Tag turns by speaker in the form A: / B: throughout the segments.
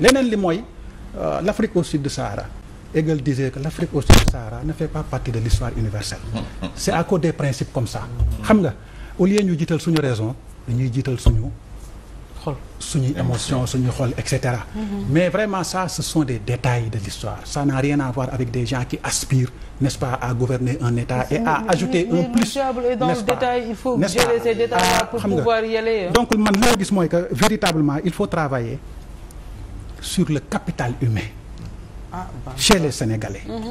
A: leneen li mooy euh, l' Afrique au sud du Sahara Hegel disait que l' Afrique au sud du Sahara ne fait partie de l'histoire universelle c' à cause des principes comme ça xam nga au lieu ñu jiital suñu raison ñuy jiital suñu xol suñuy émotion suñu xol et cetera mm-hmm. mais vraiment ça ce sont des détails de l'histoire ça n'a rien à voir avec des gens qui aspirent nest pas à gouverner un état et à mm-hmm. ajouter un mm-hmm. plus n'est-ce pas il faut gérer ces détails pour pouvoir y aller donc gis mooy que véritablement il faut travailler sur le capital humain ah, bah, chez bah. les Sénégalais mmh.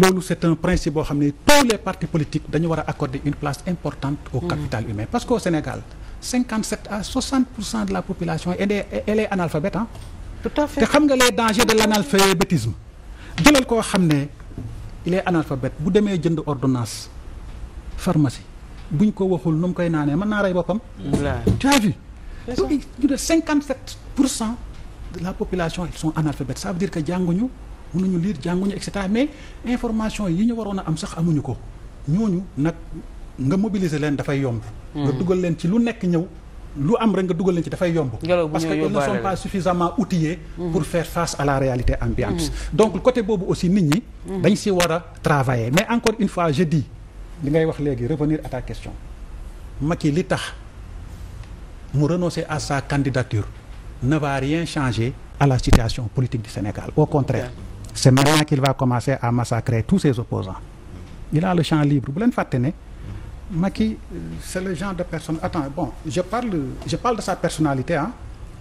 A: loolu c'est principe boo xam ne tous les partis politiques dañu war a accorder une place importante au mm-hmm. capital mmh. humain parce qu'au Sénégal 57 à 60 pour cent de la population elle est elle est analphabète ah tout à fait te xam nga les dangers de l'analphabétisme jëlal koo xam ne il est bu demee jënd ordonnance pharmacie buñ ko waxul nu koy naanee mën naa rey boppam tu as vu la population ils sont analphabètes ça veut dire que jànguñu mënuñu lire jànguñu et cetera mais information yi ñu waroon a am sax amuñu ko ñooñu nag nga mobiliser leen dafay yomb. nga hmm. dugal leen ci lu nekk ñëw. lu am rek nga dugal leen ci dafay yomb. parce que ils ne sont pas suffisamment outillés. Hmm. pour faire face à la réalité ambiante. Hmm. donc côté boobu aussi nit ñi. dañ si war a travailler mais encore une fois je dis. li ngay wax léegi revenir à ta question. Macky li tax mu renoncer à sa candidature. ne va rien changer à la situation politique du Sénégal. Au contraire, c'est maintenant qu'il va commencer à massacrer tous ses opposants. Il a le champ libre. Bu leen fàtte ne Macky euh, c'est le genre de personne attends bon je parle je parle de sa personnalité hein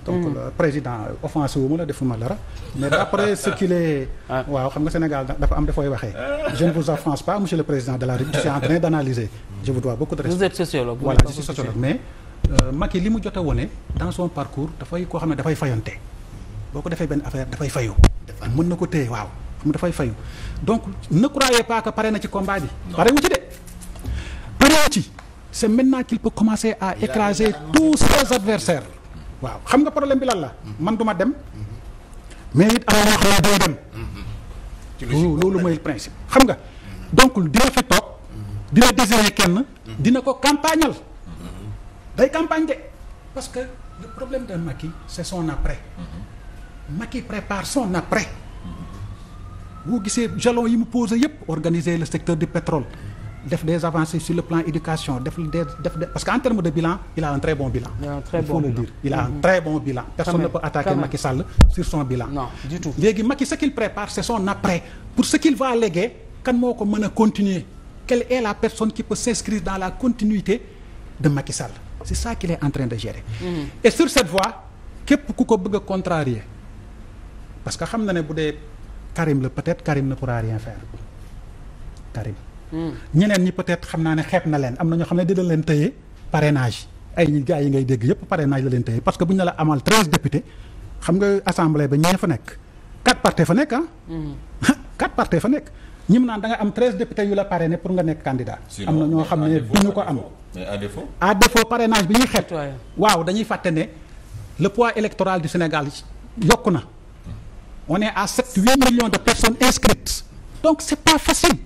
A: donc le hmm. euh, président offensé wu ma la defuma dara mais d'après ce qu'il est ah. waaw xam nga Sénégal dafa am dafay waxee je ne le président d'analyser je vous beaucoup de respect. Voilà, je suis sociologue mais Euh, Macky li mu jot a wone dans son parcours dafay koo xam ne dafay fayonte boo ko defee benn affaire dafay fayu. mën na ko téye waaw xam dafay fayu donc ne croyez pas que pare na ci combat bi. pare wu ci de pare ci à écraser tous ses mm-hmm. waaw xam nga problème bi lan la. Mm-hmm. man duma dem. Mm-hmm. mais it am na loolu mooy principe. xam nga donc dina fi toog. dina désigner kenn. dina ko campagnal. day campagne de parce que le problème de Macky c'est son après mhm. Macky prépare son après boo gisee jalon yi mu posé yëpp organiser le secteur du pétrole def des avancées sur le plan éducation def des def parce que en termes de bilan il a un très bon bilan. il a un très mhm. bon bilan il a personne ne peut attaquer Macky Sall sur son bilan. non du léegi Macky ce qu'il prépare c'est son après pour ce qu'il va léguer kan moo ko mën a continuer quelle est la personne qui peut s'inscrire la continuité de Macky Sall. c' est ça qu'il est en train de gérer. Mm-hmm. et sur cette voie képp ku ko bëgg a contrarier parce que xam na ne bu dee Karim la peut-être Karim ne pourra rien faire Karim. Mm. ñeneen ñi peut xam naa ne xeeb na leen am na ñoo xam ne dina leen tëye parrainage ay ñi gars yi ngay dégg yëpp parrainage la leen tëye parce que bu ñu la amal treize députés xam nga assemblée ba ñee fa nekk quatre partis fa nekk ah. Mm-hmm. quatre partis fa nekk ñi mu naan da nga am treize députés yu la parrainé pour nga nekk candidat. am na ñoo xam ne du ñu ko am. mais à défaut. à défaut parrainage bi ñuy xet waaw dañuy fàtte ne le poids électoral du Sénégal yokku na on est à sept huit millions de personnes inscrites donc c'est pas facile.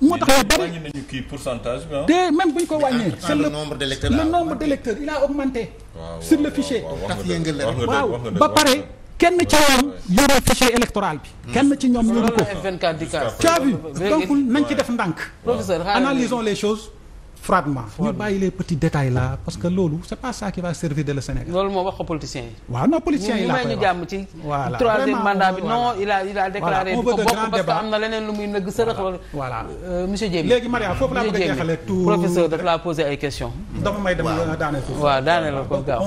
A: moo tax la bëri kii pourcentage bi te même bu ñu ko wàññee. c'est la nombre d'électeurs le nombre d'électeurs il a augmenté. sur le fichier. waaw ba pare kenn ci ñoom yore fichier électoral bi. Hmm. kenn ci ñoom yoru ko. tu as vu donc nañ ci def ndànk. professeur analysons les choses. froidement ñu bàyyi les petits détails parce que loolu c' est pas ça qui va servir de le Sénégal. loolu moo wax ko politiciens yi. waaw non politiciens yi laa a il a déclaré. Euh, léegi Maria foofu la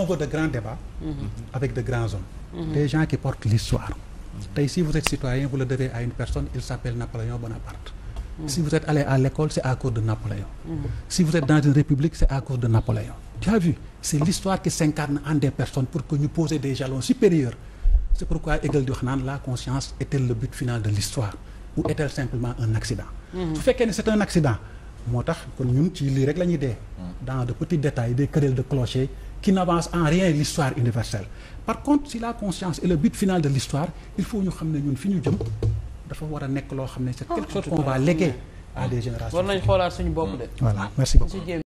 A: ko de grands débats. Mhm. avec de grands hommes. Mhm. des gens qui portent l'histoire tey si vous êtes citoyen vous le devez à une personne il s' Napoléon Bonaparte. Mm-hmm. si vous êtes allé à l'école c'est à cause de Napoléon mm-hmm. si vous êtes dans une république c'est à cause de Napoléon tu as l'histoire qui s'incarne en des personnes pour que ñu poser des jalons supérieurs c'est pourquoi Hegel di wax la conscience est le but final de l'histoire ou mm-hmm. est simplement un accident su fekkee ne c'est un accident moo tax kon ñun ci lii rek la ñuy dee dans de petits détails des querelles de clocher qui n'avancent en fi dafa war a nekk loo xam ne c'est ah, quelque chose qu'on va léguer war nañ xoolaat suñu bopp de. voilà merci beaucoup.